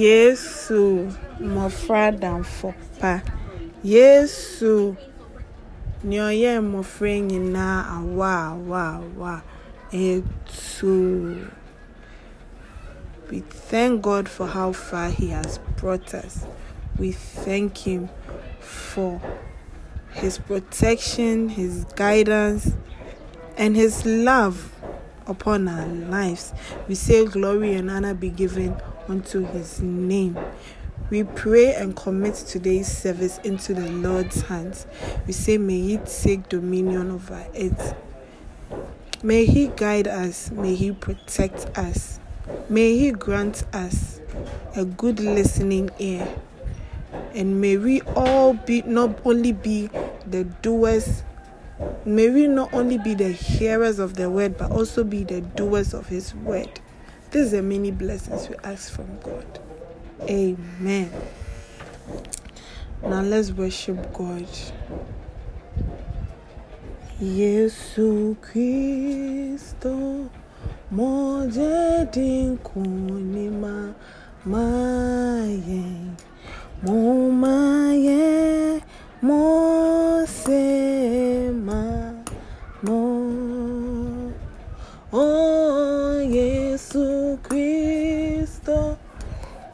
yesu mmɔfra damfo pa yesu nea ɔyɛ mmɔfra nyinaa awa awa awa etu we thank god for how far he has brought us we thank him for his protection his guidance and his love upon our lives we say glory and honor be given unto his name. We pray and commit today's service into the Lord's hands. We say, May He take dominion over it. May He guide us. May He protect us. May He grant us a good listening ear. And may we all be not only be the doers, may we not only be the hearers of the word, but also be the doers of His word. This is the many blessings we ask from God. Amen. Now let's worship God. Yesu Kristo moje dinkuni ma maye mo maye mo se ma mo Oh Yesu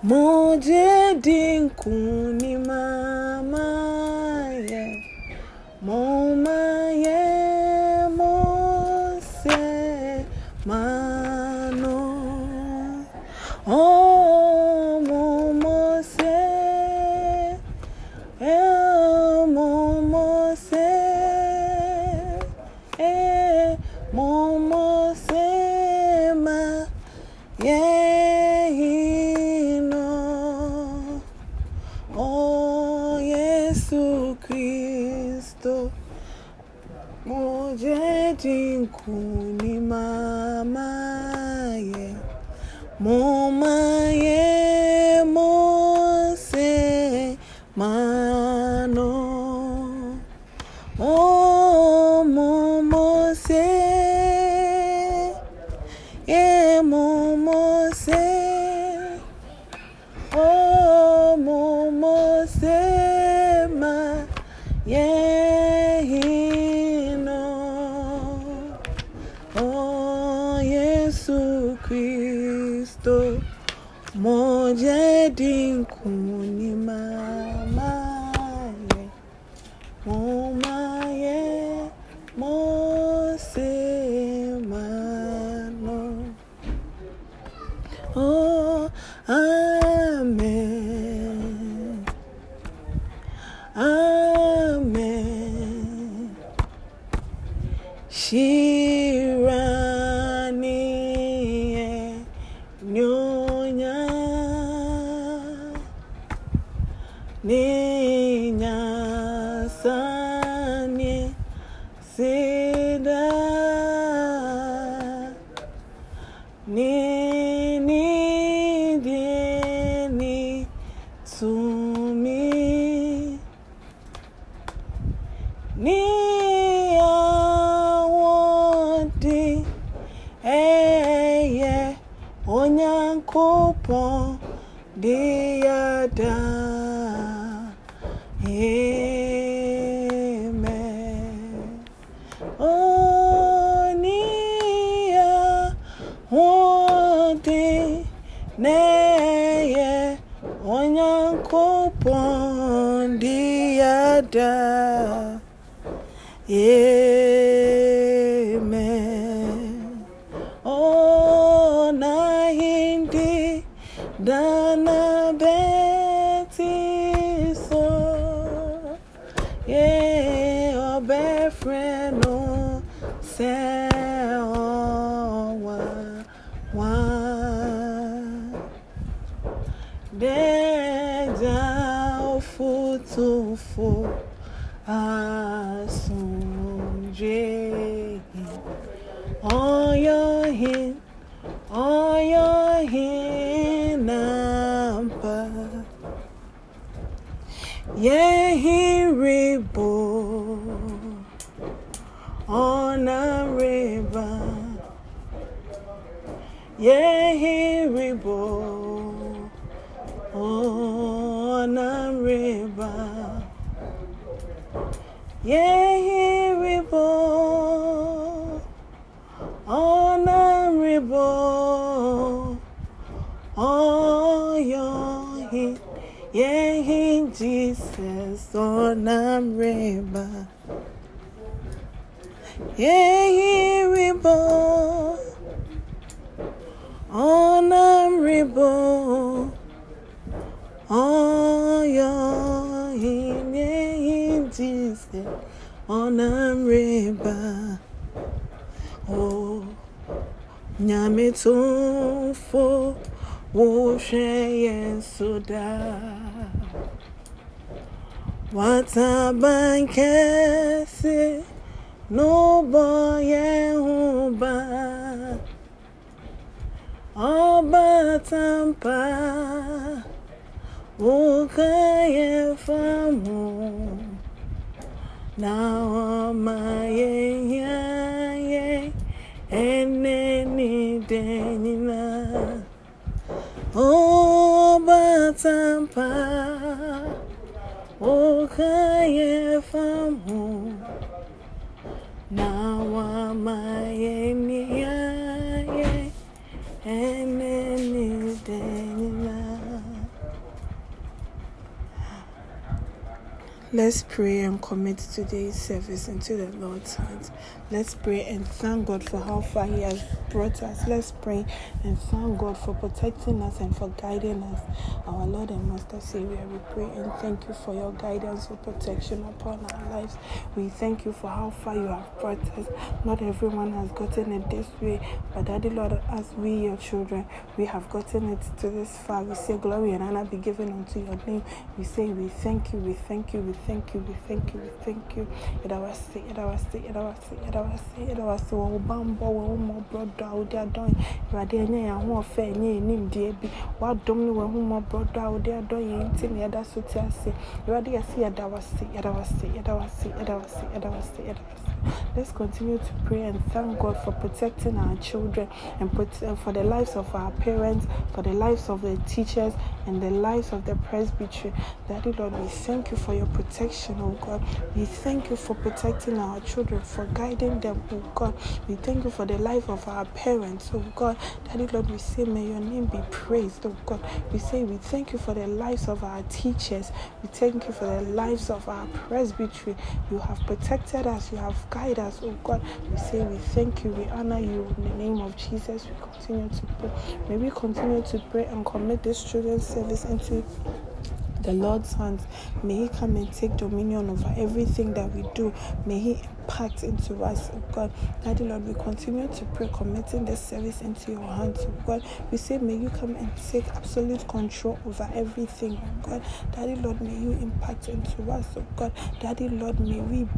mojedinku ni mamaye moma Mumu sema yeino. Oh Yesu Kristo, muje jinkuye. Amen. She na na yeah, Sonamreba. Yeiribo. Onamribo. Oyo inyeyintise. Onamreba. Oh, nyame tumfo. Wo hwɛ yɛn so daa watabankɛse n'ụbọyɛ hụba ọbatampa ụka Now, famụ na yeah and hia yɛ ɛnɛ but nyina ọbatampa. Oh, I evermore. Now am I in Let's pray and commit today's service into the Lord's hands. Let's pray and thank God for how far He has brought us. Let's pray and thank God for protecting us and for guiding us. Our Lord and Master Savior, we pray and thank you for your guidance, and protection upon our lives. We thank you for how far you have brought us. Not everyone has gotten it this way, but Daddy Lord, as we, your children, we have gotten it to this far. We say, Glory and honor be given unto your name. We say, We thank you, we thank you, we thank you, we thank you, we thank you. Yẹ̀dá wá sí, yẹ̀dá wá sí, yẹ̀dá wá sí, yẹ̀dá wá sí, yẹ̀dá wá sí. Wọ́n bá ń bọ̀, wọ́n mọ bọ́dọ̀ àwòdì àdọ́yìn. Ìwádìí ẹ̀yẹ́ yẹn àwọn ọ̀fẹ́ ẹ̀yẹ́ yẹn ní ìdí ẹbí. Wá dùn mí wọ́n mọ bọ́dọ̀ àwòdì àdọ́yìn yẹn tí mi yẹ̀dá so ti àṣẹ. Ìwádìí yẹn sí yẹ̀dá wá sí, yẹ̀dá wá sí, yẹ̀dá wá sí, yẹ̀dá wá sí, yẹ̀dá wá sí, yẹ̀dá wá sí. Let's continue to pray and thank God for protecting our children and uh, for the lives of our parents, for the lives of the teachers, and the lives of the presbytery. Daddy Lord, we thank you for your protection, oh God. We thank you for protecting our children, for guiding them, oh God. We thank you for the life of our parents, oh God. Daddy Lord, we say, may your name be praised, oh God. We say, we thank you for the lives of our teachers. We thank you for the lives of our presbytery. You have protected us. You have guide us, oh God. We say we thank you, we honor you in the name of Jesus. We continue to pray. May we continue to pray and commit this children's service into the Lord's hands. May He come and take dominion over everything that we do. May He impact into us, oh God. Daddy Lord, we continue to pray, committing this service into your hands, oh God. We say, may you come and take absolute control over everything, oh God. Daddy Lord, may you impact into us, oh God. Daddy Lord, may we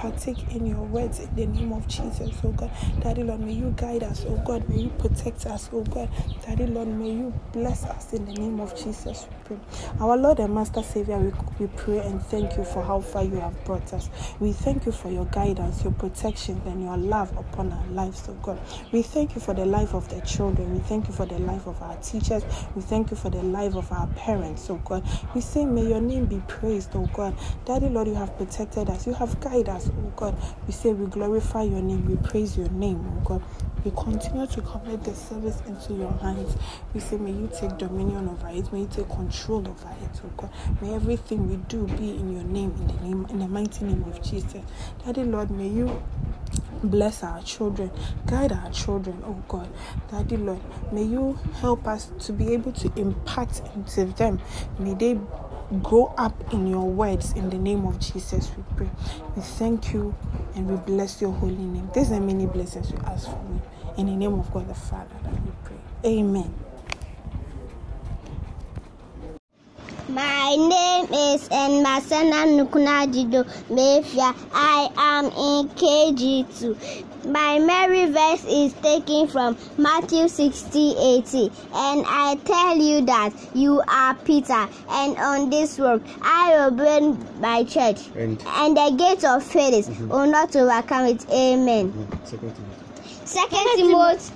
partake in your words in the name of Jesus, oh God. Daddy Lord, may you guide us, oh God. May you protect us, oh God. Daddy Lord, may you bless us in the name of Jesus, we pray. Our Lord and Master Savior, we, we pray and thank you for how far you have brought us. We thank you for your guidance, your protection, and your love upon our lives, oh God. We thank you for the life of the children. We thank you for the life of our teachers. We thank you for the life of our parents, oh God. We say, may your name be praised, oh God. Daddy Lord, you have protected us. You have guided us, oh God. We say we glorify your name, we praise your name, oh God. We continue to commit the service into your hands. We say, may you take dominion over it, may you take control over it, oh God. May everything we do be in your name, in the name, in the mighty name of Jesus. Daddy Lord, may you bless our children, guide our children, oh God. Daddy Lord, may you help us to be able to impact into them. May they grow up in your words in the name of Jesus. We pray. We thank you and we bless your holy name. There's are many blessings we ask for In the name of God the Father, that we pray. Amen. My name is Enmasena Nukunajido Mefia. I am in KG2. My merry verse is taken from Matthew 6080, And I tell you that you are Peter, and on this rock I will build my church, and, and the gates of Hades mm-hmm. will not overcome it. Amen. Yeah, mhm. second Timothy. Second Timothy.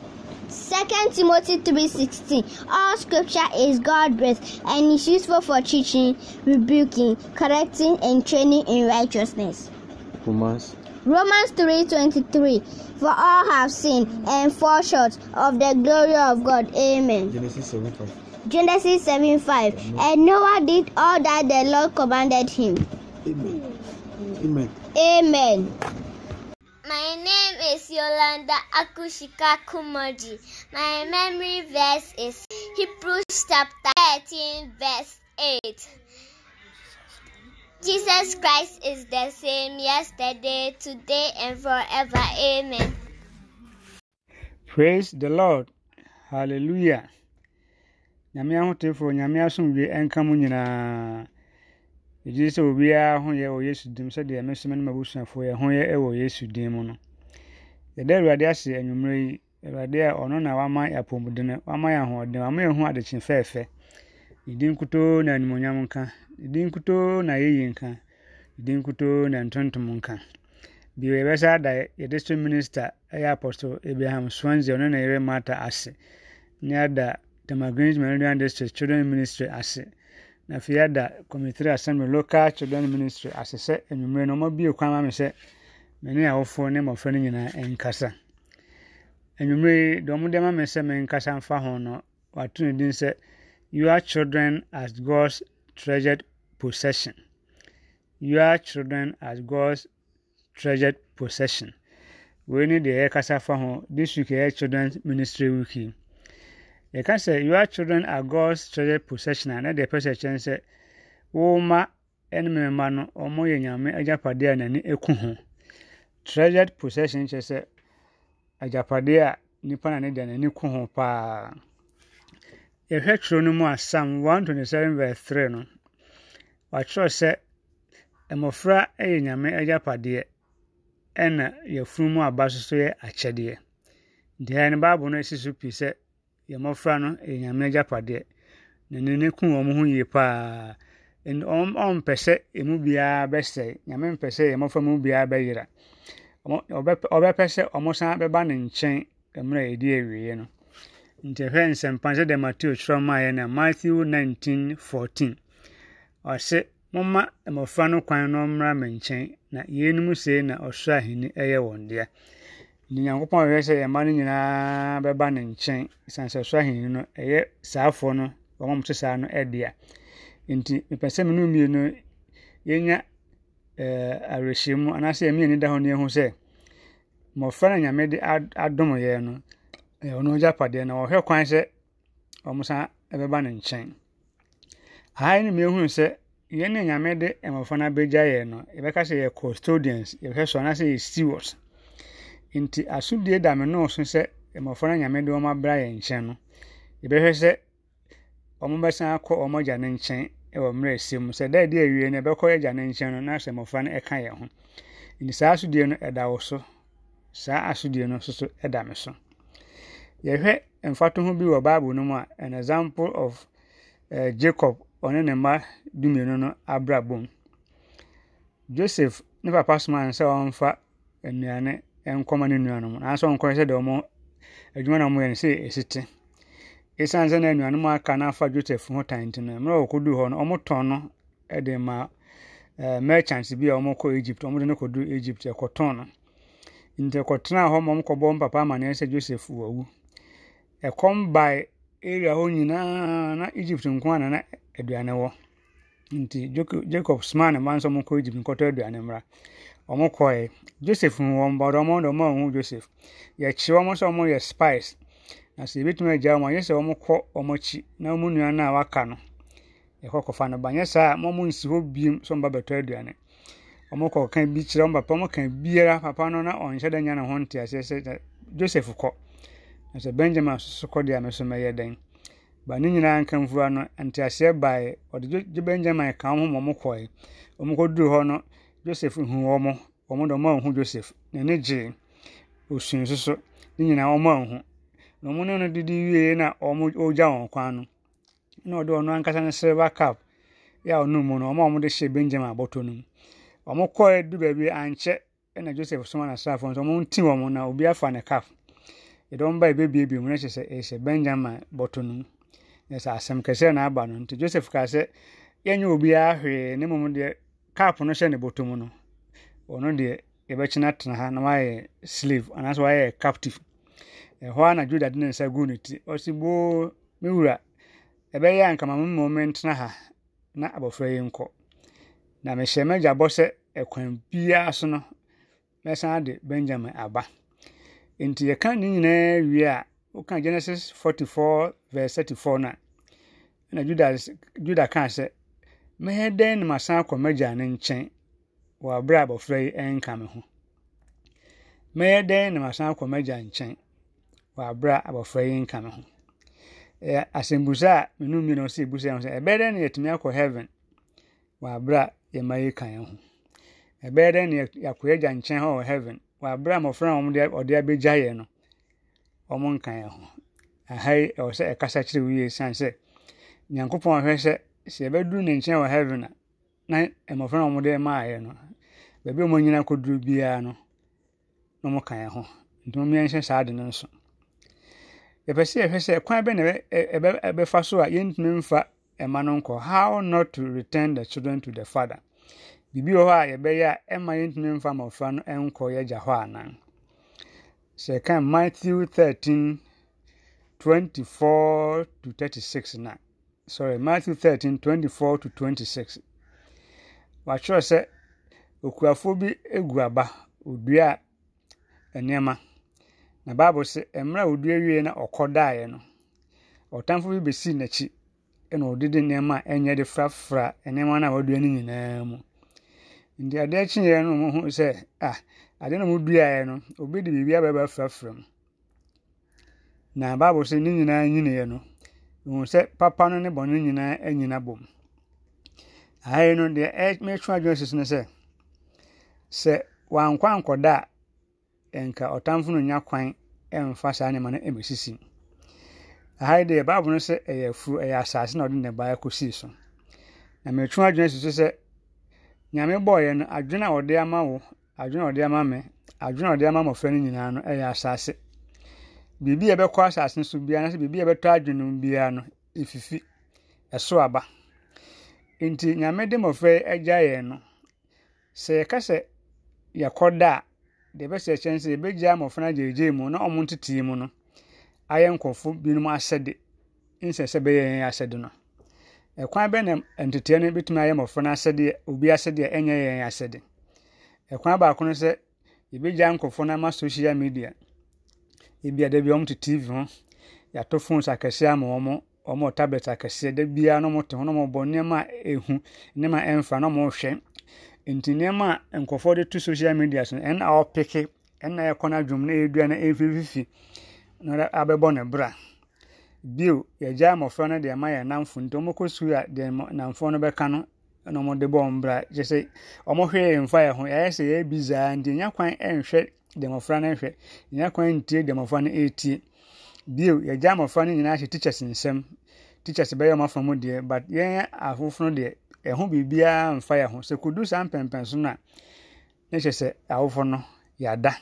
Second Timothy 3:16 All scripture is God-breathed and is useful for teaching, rebuking, correcting and training in righteousness. Romans Romans 3:23 For all have sinned and fall short of the glory of God. Amen. Genesis 7:5 Genesis 7:5 And Noah did all that the Lord commanded him. Amen. Amen. Amen. My name is Yolanda Akushika Kumoji. My memory verse is Hebrews chapter 13, verse 8. Jesus Christ is the same yesterday, today, and forever. Amen. Praise the Lord. Hallelujah. Nyamia ahotefo nyamia asomdwe enkamu nyinaa ɛgye sɛ obiara ho yɛ wɔ yesu dim sɛdeɛ me nso me ne m'abusuafoɔ yɛ ho yɛ wɔ yesu dim mu no yɛda awurade ase anwummerɛ yi awurade a ɔno na wama yɛ apɔmuden wama yɛ ahoɔden wama yɛ ho adekye fɛɛfɛ ɛdi nkutoo na animonyam nka ɛdi nkutoo na yɛyi nka ɛdi nkutoo na ntontom nka bio yɛbɛsa ada yɛde so minista ɛyɛ apostle abraham swanzi ɔno na yɛrɛ mata ase ne ada tamagrange marian district children ministry ase na afei ada communitary assembly local children ministry ase sɛ anwummerɛ no ɔmabie kwan ma me sɛ mene awofoɔ ne mmɔfra no nyinaa nkasa anwummerɛ yi deɛ ɔmode ma me sɛ menkasa mfa ho no wato no din sɛ you are children as god's treasured possession you are children as god's treasured possession wei ne deɛ yɛkasa fa ho this week ɛyɛ children's ministry week yi yɛka sɛ your children are God's treasured possession a na deɛ ɛpɛ sɛ kyɛn sɛ wo ma ɛne mmarima no ɔmo yɛ nyame agyapadeɛ a n'ani eku ho treasured possession kyerɛ sɛ agyapadeɛ a nipa na ne deɛ n'ani ku ho paa yɛhwɛ twerɛ no mu a Psalm one twenty seven verse three no wɔatwerɛ sɛ mmɔfra yɛ nyame agyapadeɛ ɛna yɛfunu mu aba nso so yɛ akyɛdeɛ deɛ no baabu no esi so pii sɛ. yɛ mmɔfra no yɛ nyame agyapadeɛ na nane ku wɔn ho yie paa ɔmpɛ sɛ ɛmu biara bɛsɛe nyame mpɛ sɛ yɛ mmɔfra mu biara bɛyera ɔbɛpɛ sɛ ɔmo san bɛba ne nkyɛn mmerɛ a yɛdi awieɛ no nti ɛhwɛ nsɛmpa sɛ deɛ mateo kyerɛ maa yɛ no matthew 19:14 ɔse momma mmɔfra no kwan na ɔmmra me nkyɛn na yeinom sei na ɔsoro ahenni ɛyɛ wɔn dea nyankopɔn ɔhwɛ sɛ ɛma no nyinaa bɛba ne nkyɛn siane sɛ ahenni no ɛyɛ saafoɔ no saa no ɛdea nti sɛ mmienu yɛnya eh, anaasɛ ani da sɛ mmɔfra na nyame de adom yɛ no ɔno padeɛ wɔhwɛ kwan sɛ san ɛbɛba ne nkyɛn ahae sɛ nyame de mmɔfra yɛ no yɛbɛka sɛ yɛ custodians yɛhwɛ so anaasɛ yɛ stewards nti asodie da me nɔɔso sɛ mmɔfra no nyame de wɔn abra yɛn nkyɛn no yɛbɛhwɛ sɛ wɔn bɛsan akɔ wɔn agya ne nkyɛn wɔ mmerɛ esi mu sɛ dɛɛ de awie no ɛbɛkɔ agya ne nkyɛn no na sɛ mmɔfra no ɛka yɛn ho nti saa asodie no ɛda wɔ so saa asodie no soso ɛda me so yɛhwɛ mfato ho bi wɔ bible no mu a an example of uh, jacob ɔne ne mma dumienu no abrabom joseph ne papa soma no sɛ wɔmfa nnuane nkɔma ne nuanom nanso ɔnkɔyɛ sɛ deɛ ɔmo adwuma na ɔmo yɛ no sɛ esi te esiane sɛ na nuanom aka no afa joseph ho tan ti no mmerɛ wɔkɔduu hɔ no ɔmo no de ma merchant bi a ɔmo egypt ɔmo de no kɔduu egypt ɛkɔtɔn no nti ɛkɔtenaa hɔ ma ɔmo kɔbɔ ɔmo papa amaneɛ sɛ joseph wɔwu ɛkɔm bae area hɔ nyinaa na egypt nko ara na na aduane wɔ nti jacob smaa ne mma nso ɔmo egypt nkɔtɔ aduane mmra wɔn kɔɛ joseph hu wɔn ba wɔn de wɔn joseph yɛkyi wɔn sɛ wɔn yɛ spies na sɛ ebitumi agya wɔn ayɛ sɛ wɔn kɔ wɔn akyi na wɔn nua no a waka no yɛkɔ kɔfa no ba nyɛ saa wɔn mo nsi hɔ biem sɛ wɔn ba bɛtɔ aduane wɔn kɔ ka bi kyerɛ wɔn papa wɔn ka biara papa no na ɔnhyɛ dɛ nya ne ho nte aseɛ sɛ joseph kɔ na sɛ benjamin soso kɔ deɛ ameso mɛyɛ dɛn ba ne nyinaa nkamfura no nteaseɛ baeɛ ɔde benjamin ka wɔn ho ma wɔn kɔɛ wɔn kɔ duru hɔ no joseph huu wɔn wɔn de wɔn anhu joseph n'ani gyee osuo nso so ne nyinaa wɔn anhu na wɔn ne no didi wie na wɔn regya wɔn kwan no na ɔde wɔn ankasa ne silver cap a ɔno mu no wɔn a wɔde hyɛ benjamin abɔtɔ no mu wɔn kɔɛ du baabi ankyɛ ɛna joseph soma n'asraafo nso wɔn ti wɔn na obi afa ne cap yɛde wɔn ba ebebiebie mu na hyɛ sɛ benjamin bɔtɔ no mu na sɛ asɛm kɛseɛ na aba no nti joseph kaa sɛ yɛnyɛ obiara hwee ne mu deɛ cap no hyɛ ne bɔtɔm no ɔno deɛ yɛbɛkyena tena ha na wayɛ slave anaasɛ wayɛ captive ɛhɔ a na juda de ne nsa gu ne ti ɔsi boo me wura ɛbɛyɛ anka ma mema ha na abɔfra yi nkɔ na mehyɛ m'agya bɔ sɛ ɛkwan biara so no mɛsan de benjamin aba nti yɛka ne nyinaa wie a woka genesis 44 verse 34 no a na juda juda kaa sɛ mɛyɛ dan na masan akɔ m'agya ne nkyɛn wɔ abere abɔfra yi nka me ho mɛyɛ dan na masan akɔ m'agya nkyɛn wɔ abere abɔfra yi nka me ho a menu mmienu ebusa yɛn ho na yɛtumi akɔ heaven wɔ abere yi ka yɛn ho na yɛakɔ nkyɛn hɔ wɔ heaven wɔ abere a mmɔfra a aha ɛkasa sɛ yɛbɛduru ne nkyɛn wɔ heaven a na mmɔfra no a ma maaeɛ no baabi a wɔnyina kɔduru biara no na wɔka yɛn ho nti wɔmmɛnhyɛ saa ade no nso yɛpɛ sɛ yɛhwɛ sɛ kwan bɛ na ɛbɛfa so a yɛntumi mfa ɛma no nkɔ how not to return the children to the father biribi wɔ hɔ a yɛbɛyɛ a ɛma yɛntumi mfa mmɔfra no nkɔ yɛgya hɔ anan sɛ ɛka matthew 13 24 to 36 na sorry Matthew thirteen twenty four to 26, six sɛ okuafoɔ bi egu aba odua nneɛma na baabu sɛ mmerɛ a odua wie na ɔkɔdaeɛ no ɔtamfo bi bɛsi n'akyi ɛna ɔdede nneɛma a ɛnyɛ de frafra nneɛma no a wadua no nyinaa mu nti adeɛ kyeeɛ no mo ho sɛ a adeɛ na mo duaeɛ no obi de biribi abɛba frafra mu na baabu sɛ ne nyinaa nyiniiɛ no. ihu sɛ papa no ne bɔne nyinaa anyina bom ahayi no deɛ ɛmɛtwe adwuma sisi no sɛ sɛ wankɔ ankɔda a nka ɔtamfo no nya kwan mfa saa nneɛma no ɛmɛsisi ahayi deɛ baabu no sɛ ɛyɛ afuo ɛyɛ asase na ɔde ne ba akɔsii so na mɛtwe adwuma sisi sɛ nyame bɔɔyɛ no adwene a ɔde ama wo adwene a ɔde ama me adwene a ɔde ama mmɔfra no nyinaa no ɛyɛ asase biribi a ɛbɛkɔ asase so biara anaasɛ biribi a ɛbɛtɔ adwene mu biara no efifi ɛso aba nti nyame de mmɔfra yi agya yɛn no sɛ yɛka sɛ yɛkɔ da a deɛ ɛbɛsɛ ɛkyɛn sɛ yɛbɛgya mmɔfra gyegye mu na ɔmo ntete mu no ayɛ nkɔfo binom asɛde nsɛ sɛ bɛyɛ yɛn asɛde no ɛkwan bɛ na ntetea no bɛtumi ayɛ mmɔfra no asɛdeɛ obi asɛdeɛ ɛnyɛ yɛn asɛde ɛkwan baako no sɛ yɛbɛgya nkɔfo no ama social media ebi a dɛbi wɔn te tv ho yɛato phones akɛseɛ ama wɔn wɔn tablet akɛseɛ dɛbiara na wɔn te ho na wɔn bɔ nneɛma a ehu nneɛma a ɛnfa na wɔn hwɛ nti nneɛma a nkɔfoɔ de to social media so ɛna ɔpeke ɛna ɛkɔ n'adwom na ɛredua na ɛrefififi na abɛbɔ ne bra bio yɛgya mmɔfra no deɛ ɛma yɛn namfo nti wɔn kɔ sukuu a deɛ namfoɔ no bɛka no na wɔde bɔɔ mbra gye sɛ wɔhwɛ yɛ mfa yɛ ho ɛyɛ sɛ yɛ bi zaa nti nya kwan nhwɛ dɛmɔfra no nhwɛ nya kwan ntie dɛmɔfra no etie bio yɛgya amɔfra no nyinaa hyɛ teachers nsɛm teachers bɛyɛ ɔmo afa mu deɛ but yɛn afoforo deɛ ɛho biribiara mfa yɛ ho sɛ kodu saa mpɛmpɛn so no a ne hyɛ sɛ awofo no yɛada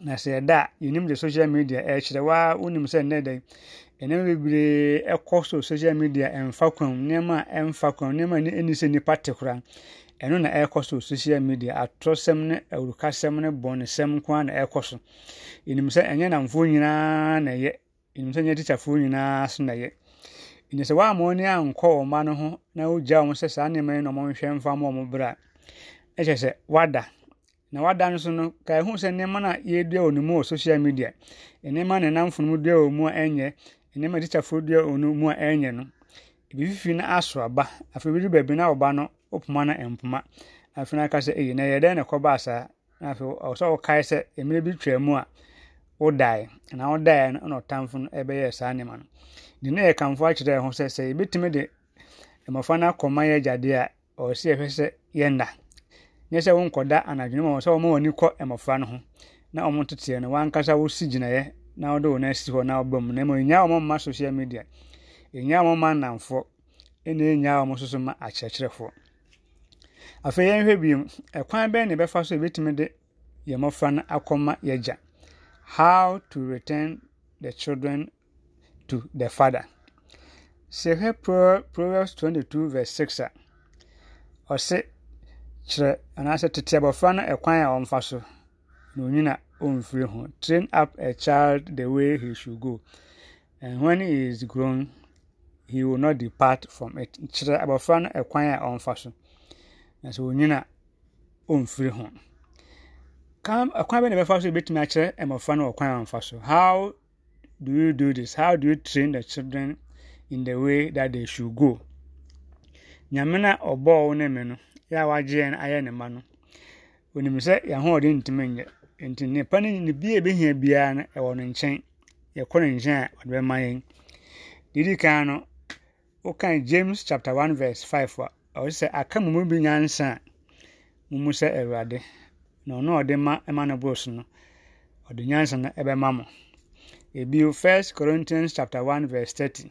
na sɛ yɛda a yɛnim de social media ɛkyerɛ waa wonim sɛ nnɛ dɛ nneɛma bebree ɛkɔ so social media ɛmfa kwan mu nneɛma a ɛmfa kwan mu nneɛma a ɛni sɛ nipa te koraa ɛno na ɛrekɔ so social media atɔsɛm ne awurukasɛm ne bɔnsɛm nkoa na ɛrekɔ so enim sɛ ɛnyɛ namfoɔ nyinaa na ɛyɛ enim sɛ ɛnyɛ tikyafoɔ nyinaa so na ɛyɛ enim sɛ wɔn a wɔn ani ankɔ wɔn mma no ho na wogya wɔn sɛ saa nneɛma yi na wɔn nhwɛ mfa ma wɔn bra ɛkyɛ sɛ wada na wada no so no ka ɛho sɛ nneɛma na a yɛdua wɔ ne mu wɔ social media nneɛma ne namfo no mu dua wɔ mu a ɛnyɛ nneɛma a tikyafoɔ dua wɔn mu a ɛnyɛ no ebi fifi no aso aba afei bi baabi na ɔba no ɔpoma no mpoma afei no aka sɛ eyi na yɛ dɛn na ɛkɔba asa na afei ɔwɔ ɔkae sɛ mmerɛ bi twɛ mu a wodae na wodae no na ɔtamfo no ɛbɛyɛ saa nneɛma no de ne yɛ kamfo akyerɛ ho sɛ sɛ ebitumi de mmɔfra no akɔma yɛ gyadeɛ a ɔwɔ sɛ yɛhwɛ sɛ yɛnda nyɛ sɛ wonkɔda anadwene mu a ɔwɔ na ɔmo teteɛ no wankasa na wode wo no asi hɔ na wobɔ mu na mmom ɛnya wɔn mma social media ɛnya wɔn mma nnamfoɔ ɛna ɛnya wɔn nso ma akyerɛkyerɛfoɔ afei yɛnhwɛ biom ɛkwan bɛn na ɛbɛfa so ɛbɛtumi de yɛn mmɔfra no akɔma yɛgya how to return the children to the father sɛ hwɛ proverbs two verse 6 a ɔse kyerɛ anaasɛ tete abɔfra no ɛkwan a ɔmfa so na onye na omfiri ho train up a child the way he should go and when he is grown he will not depart from it kyerɛ abɔfra no ɛkwan a ɔmfa so na sɛ onye na omfiri ho kam ɛkwan bɛ na ɛbɛfa so ebetumi akyerɛ mmɔfra no ɔkwan a ɔmfa so how do you do this how do you train the children in the way that they should go Nyamena na ɔbɔɔ wo ne me no yɛ a wagyeɛ no ayɛ ne ma no onim sɛ yɛahoɔden ntumi nyɛ nti nnipa no ne bia ebehia biara no ɛwɔ ne nkyɛn yɛkɔ ne nkyɛn a ɔde bɛma yɛn didi kan no wokan james chapter one verse five a ɔwɔ sɛ aka mu mu bi nyansa a mu mu sɛ awurade na ɔno ɔde ma ɛma no bros no ɔde nyansa no ɛbɛma mo ebio first corinthians chapter one verse thirty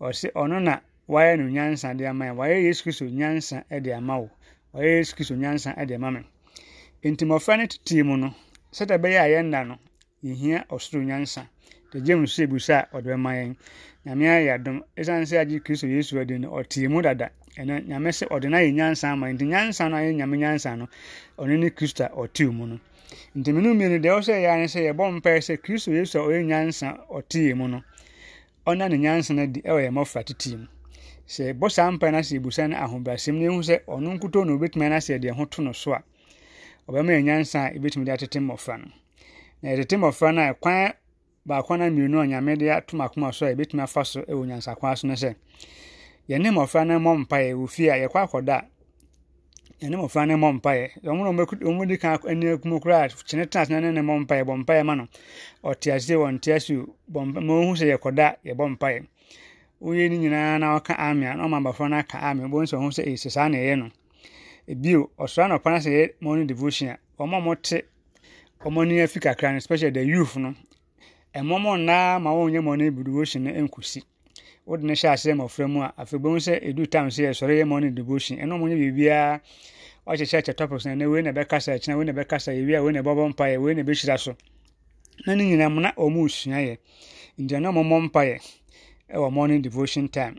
ɔsi ɔno na wayɛ no nyansa de ama yɛn wayɛ yesu kristo nyansa ɛde ama wo wayɛ yesu kristo nyansa ɛde ama mi nti mmɔfra no tetee mu no sɛdeɛ ɛbɛyɛ a yɛnna no yɛhia ɔsoro nyansa de james so ebusa a ɔde bɛma yɛn nyame ayɛ adom ɛsiane sɛ agye kristo yesu adi no ɔtee mu dada ɛnɛ nyame sɛ ɔde no ayɛ nyansa ama nti nyansa no ayɛ nyame nyansa no ɔno ne kristo a ɔtee mu no nti menu mmienu deɛ ɛwɔ sɛ yɛa ne sɛ yɛbɔ mpaeɛ sɛ kristo yesu a ɔyɛ nyansa ɔtee mu no ɔna ne nyansa no di ɛwɔ yɛ mmɔfra tetee mu sɛ bɔ saa mpaeɛ no sɛ ebusa no ahobrɛasɛm no ehu sɛ ɔno nkutoo na obɛtumi anasɛ yɛde ɛho to no so a ɔbɛma yɛ nyansa a ebetumi de atete mmɔfra no na yɛtete mmɔfra no a kwan baako na mmienu a nyame de ato akoma so a ebetumi afa so wɔ nyansakwan so no sɛ yɛne mmɔfra no mmɔ mpaeɛ wɔ fie a yɛkɔ akɔda a yɛne mmɔfra no mmɔ mpaeɛ wɔn na wɔn di kan ani akumu koraa kyene tena tena ne ne mmɔ mpaeɛ bɔ mpaeɛ ma no ɔte aseɛ wɔn te aseɛ bɔ mpaeɛ ma ohun sɛ yɛkɔda yɛbɔ mpaeɛ woyɛ ne nyinaa na ɔka amia na ɔma abafra no aka amia bɔn sɛ ɔho sɛ saa na ɛyɛ no bio ɔsra na ɔkwan asɛ yɛ morning devotion a wɔn a wɔte wɔn ani afi kakra no especially the youth no ɛmɔmɔ nnaa ma wɔn nyɛ morning devotion no nkosi wɔde ne hyɛ aseɛ mmɔfra mu a afei sɛ edu time sɛ ɛsɔre yɛ morning devotion ɛna wɔn nyɛ biribiara ɔkyekyɛ kyɛ topics na wei na bɛkasa ɛkyina wei na bɛkasa ewia wei na bɛbɔ mpaeɛ wei na bɛhyira so na ne nyinaa mu na wɔn resua yɛ nti ɛna wɔn mmɔ mpaeɛ ɛwɔ morning devotion time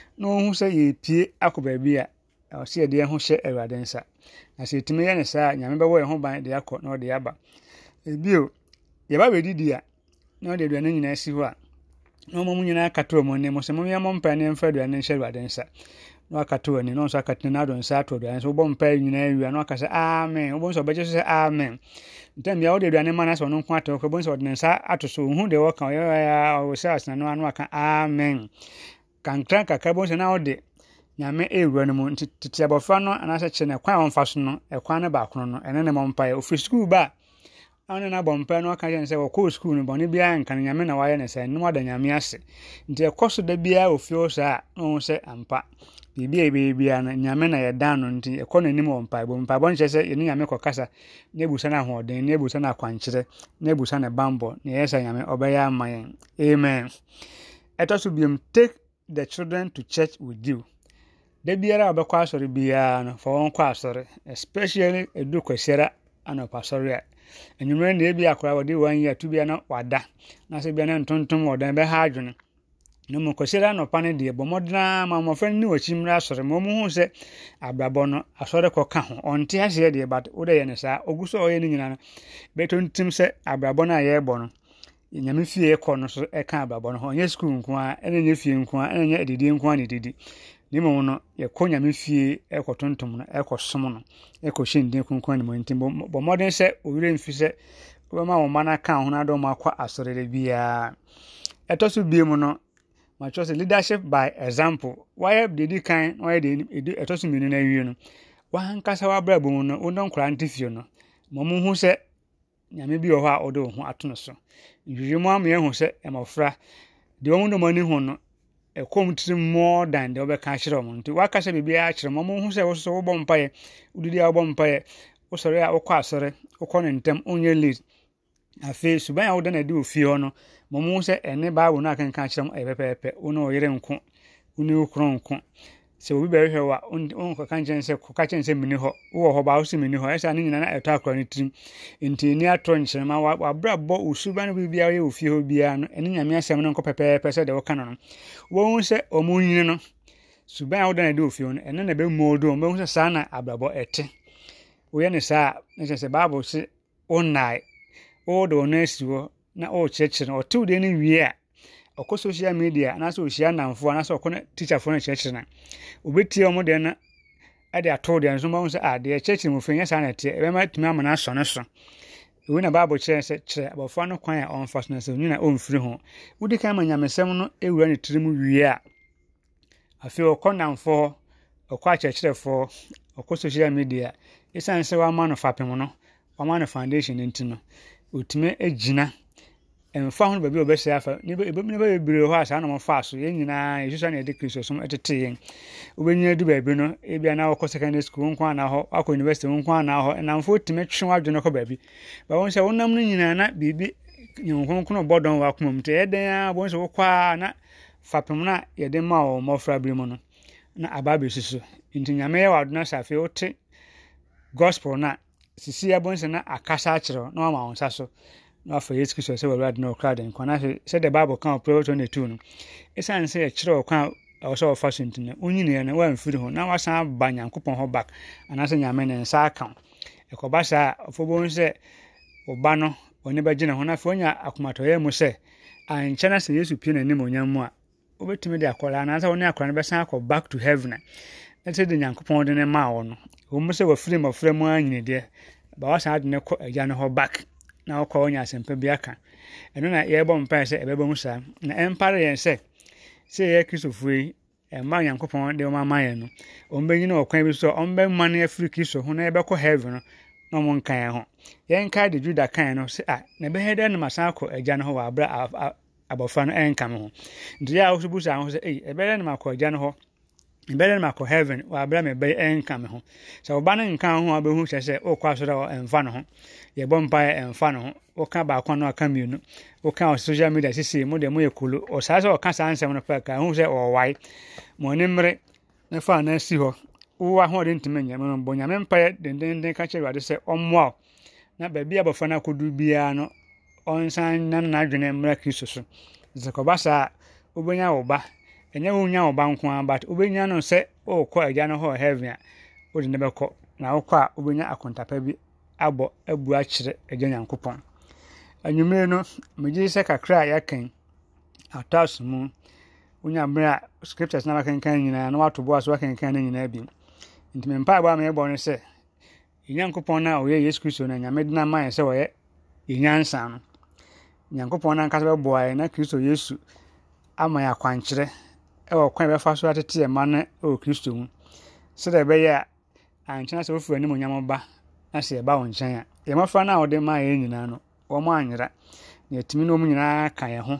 na wɔn sɛ yɛpie akɔ baabi a ɔsi yɛde yɛn ho hyɛ awurade nsa na sɛ etumi yɛ ne saa nyame bɛwɔ yɛn ho ban de akɔ na ɔde aba ebio yɛba abɛdidi a na ɔde aduane nyinaa si hɔ a na wɔn mu nyinaa akata wɔn anim sɛ mɔmi amɔ mpae ne mfa aduane nhyɛ awurade nsa na wakata wɔn ani na nso akata ne ado nsa ato aduane nso wɔbɔ mpae nyinaa awia na wakasa amen wɔbɔ nso ɔbɛgye so sɛ amen ntɛn bia wɔde aduane ma na sɛ ɔno nko atɔ kɔ wɔbɔ nso ɔde ne nsa ato so ohun deɛ wɔka ɔyɛ ɔyɛ ɔwɔ sɛ asena no ano aka amen kankra kakra bɛhu sɛ na wode nyame ɛwura no mu nti tete abɔfra no anaasɛ kyerɛ no ɛkwan a wɔmfa so no ɛkwan no baakono no ɛne ne mɔmpaeɛ ɔfiri sukuu ba a ɔne no abɔmpaeɛ no aka kyɛ no sɛ wɔkɔɔ sukuu no bɔne biara nka no nyame na wayɛ no sɛ nom ada nyame ase nti ɛkɔ so da biara ɔfie hɔ saa na ɔhu sɛ ampa biribi a ɛbɛyɛ biara no nyame na yɛdan no nti ɛkɔ n'anim wɔ mpaebɔ mpaebɔ no kyerɛ sɛ yɛne nyame kɔkasa na abusa no ahoɔden na abusa no akwankyerɛ na abusa no bammɔ na ɛyɛ sɛ nyame ɔbɛyɛ ama amen ɛtɔ so biom take the children to church with you da biara a wɔbɛkɔ asɔre biara no fa wɔn kɔ asɔre especially edu kwasiara anɔpa asɔre a enyimire na ebi akora wɔde wɔn yi atu bia na wada na sɛ bia na ntontom wɔ dan bɛha adwene na mo kwasiara anɔpa no deɛ bɔ mmɔdena ma mmɔfra no ne wɔkyi mmerɛ asɔre ma ɔmo ho sɛ abrabɔ no asɔre kɔ ka ho ɔnte aseɛ deɛ but wodɛ yɛ no saa ogu so a ɔyɛ no nyinaa no bɛtontim sɛ abrabɔ no a yɛrebɔ no nyame fie kɔ no so ɛka ababɔ no ho ɛnyɛ sukuu nko a ɛna nyɛ fie nko a ɛna nyɛ adidi nko a na ɛdidi ne mu no yɛkɔ nyame fie ɛkɔ tontom no ɛkɔ som no ɛkɔ hyɛ ndin kunkun ne mu nti bɔ mmɔden sɛ owurɛ mfi sɛ wɔbɛma wɔn mma no ho na dɔm akɔ asɔrɛdɛ biara ɛtɔ so bie mu no matwerɛ sɛ leadership by example wayɛ didi di kan na wayɛ deɛ ɛtɔ so mmienu no awie no wankasa wabrabɔ mu no wɔn nkɔla nte fie no mɔmu ho sɛ nyame bi wɔ hɔ a ɔde wo ho ato no so nhwehwɛmu ama yɛhu sɛ mmɔfra deɛ ɔmo dɔm ani ho no ɛkɔm tiri more than deɛ ɔbɛka akyerɛ ɔmo nti waka sɛ biribiara akyerɛ mo ɔmo sɛ mpaeɛ wodidi a wobɔ mpaeɛ wosɔre a wokɔ asɔre wokɔ ne ntɛm onyɛ late afei suban a na ɛde ofie hɔ no ma ɔmo sɛ ɛne bible no akenka akyerɛ mo ɛyɛ pɛpɛɛpɛ wo ne ɔyere nko wo ne sɛ obi bɛrehwɛ wa nkɔka nkyɛn sɛ kɔka kyɛn sɛ mini hɔ wowɔ hɔ baa wosɛ mini hɔ ɛsɛ ne nyinaa na ɛtɔ akora no tirim nti ni atɔ nkyerɛma wabrabɔ osuba no biribiara yɛ ofie hɔ biara no ɛne nyame asɛm no nkɔ pɛpɛɛpɛ sɛ deɛ woka no no wɔhu sɛ ɔmo nyini no suban a woda no ɛde ofie hɔ no ɛno na ɛbɛmuodo ɔmo bɛhu sɛ saa na abrabɔ ɛte woyɛ ne saa a ɛkyɛ sɛ bible se wonnae wowɔ de wɔno asi hɔ na wɔrekyerɛkyerɛ no ɔtew deɛ no wie a ɔkɔ social media anaasɛ ɔhyia nnamfoɔ anaasɛ ɔkɔ tikyafoɔ no kyerɛkyerɛ no obɛtie ɔmo deɛ no ɛde atoo deɛ no so mahu sɛ a ah, deɛ kyerɛkyerɛ mufiri nyɛ saa na ɛteɛ ɛbɛma tumi ama no asɔ ne so ɛwei na bible kyerɛ sɛ kyerɛ abɔfra no kwan a ɔmfa so na sɛ onyina ɔmfiri ho wodi kan ma nyamesɛm no ɛwura ne tiri mu wie a afei ɔkɔ nnamfoɔ ɔkɔ akyerɛkyerɛfoɔ ɔkɔ social media ɛsiane sɛ wama no fapem no wama no foundation no nti no ɔtumi gyina mfa ho no baabi a wɔbɛsɛ afa nnipa bebree hɔ a saa na wɔfa so yɛn nyinaa yɛsusa na yɛde kristosom tete yɛn wobɛnyina du baabi no ebi anaa wɔkɔ secondary school nko anaa hɔ wakɔ university nko anaa hɔ ɛnamfo tumi twe wadwene kɔ baabi baabi sɛ wonam no nyinaa na biribi nyankronkron bɔ dɔn wɔ akoma mu nti ɛyɛ dɛn a bɔn sɛ wokɔ a na fapem no a yɛde ma wɔ mmɔfra bi mu no na aba abɛsi so nti nyame yɛ wɔ adona sɛ afei wote gospel no a sisi abɔnsɛ na akasa akyerɛw na wama wo nsa so na afei yesu kristo sɛ wɔawurade na ɔkra de nkwa naso sɛdeɛ bible ka ɔprɛ tɔ ne tu no ɛsiane sɛ ɛkyerɛ ɔkwa a ɛwɔ sɛ so nti no wonyineɛ no woamfiri ho na woasan aba nyankopɔn hɔ back anaasɛ nyame ne nsa aka wo ɛkɔba saa ɔfobɔhu sɛ wo no ɔne bɛgye ne ho na afei wonya akomatɔyɛ mu sɛ ankyɛ no sɛ yesu pie n'anim onyam mu a wobɛtumi de akɔla anaasɛ wo ne akɔla back to heaven a na sɛ de nyankopɔn de ne maa wɔ no ɛwɔ mu sɛ ba woasan de ne kɔ back na wokɔ wonya asɛmpa bi aka ɛno na yɛbɔ mpae sɛ ɛbɛbɔ mu saa na ɛmpare yɛn sɛ sɛ yɛyɛ kristofoɔ yi ɛma onyankopɔn de ọma ama yɛn no ɔmbɛnyi no ɔkwan bi so a ɔmbɛma no afiri kristo ho na yɛbɛkɔ heaven no na nka yɛn ho de kan no a ah, na ɛbɛyɛ dɛ no akɔ agya no wɔ abɔfra no ɛnka ho nti yɛ a saa ho sɛ ɛbɛyɛ dɛ no agya no bɛrɛ no makɔ heaven wɔabrɛ me bɛyɛ ɛnka me ho sɛ woba no nka ho a wobɛhu kyɛ sɛ wokɔ asɔre a ɛmfa no ho yɛbɔ mpaeɛ ɛmfa no ho woka baako no aka mmienu woka wɔ social media sisi mu deɛ moyɛ kolo ɔsaa sɛ ɔka saa nsɛm no pɛka ɛhu sɛ ɔwae ma ɔne mmere ne fa anaa si hɔ wowa ho ɔde ntumi no bɔ nyame dendenden ka kyerɛ sɛ na a ɛnyɛ wo nya wo ba nko ara but wobɛnya no sɛ wokɔ agya no hɔ a wode ne bɛkɔ na wokɔ a wobɛnya akontapa bi abɔ abu akyerɛ agya nyankopɔn anwummere no megye sɛ kakra a yɛakan atas mu wonya mmerɛ a scriptures na wakenkan nyinaa na wato so wakenkan no nyinaa bi nti mempaebɔ a meyɛbɔ no sɛ yɛnyankopɔn no a ɔyɛ yesu kristo no nyame ma yɛ sɛ wɔyɛ yɛnyansa no nyankopɔn no ankasa bɛboa yɛ na kristo yesu ama yɛ akwankyerɛ ɛwɔ kwan bɛfa so atete ɛma no ɛwɔ kristo mu sɛdeɛ ɛbɛyɛ a ankyɛn sɛ wofiri anim onyam ba na sɛ ɛba wo nkyɛn a yɛmɔfra no a wɔde maa yɛn nyinaa no wɔn anyera na yɛtumi na wɔn nyinaa ka yɛn ho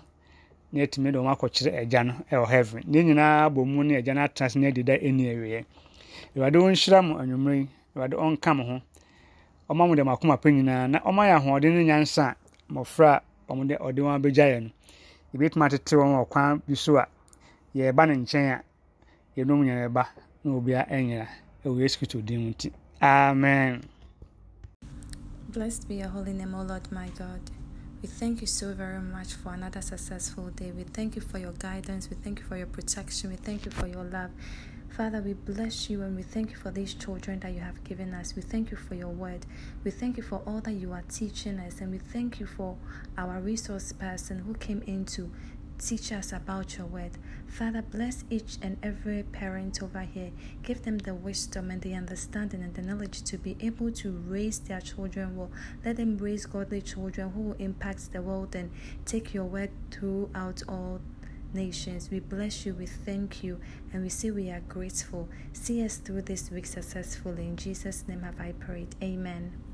na yɛtumi de wɔn akɔkyerɛ agya no ɛwɔ heaven ne nyinaa abɔ mu ne agya no atena ase ne adeda ɛni awieɛ awurade wɔnhyira mo anwummerɛ yi awurade ɔnka mo ho ɔma mo de akoma pɛ nyinaa na ɔma yɛ ahoɔden ne nyansa a a ɔmo de wɔn abɛgya yɛn no ebi tuma tete wɔn wɔ kwan bi so a yɛreba nkyɛn a yɛnom ba na obia ɛnyera ɛwɔ yesu kristo din mu nti amen Blessed be your holy name, O Lord my God. We thank you so very much for another successful day. We thank you for your guidance. We thank you for your protection. We thank you for your love. Father, we bless you and we thank you for these children that you have given us. We thank you for your word. We thank you for all that you are teaching us. And we thank you for our resource person who came into. to Teach us about your word. Father, bless each and every parent over here. Give them the wisdom and the understanding and the knowledge to be able to raise their children well. Let them raise godly children who will impact the world and take your word throughout all nations. We bless you, we thank you, and we say we are grateful. See us through this week successfully. In Jesus' name have I prayed. Amen.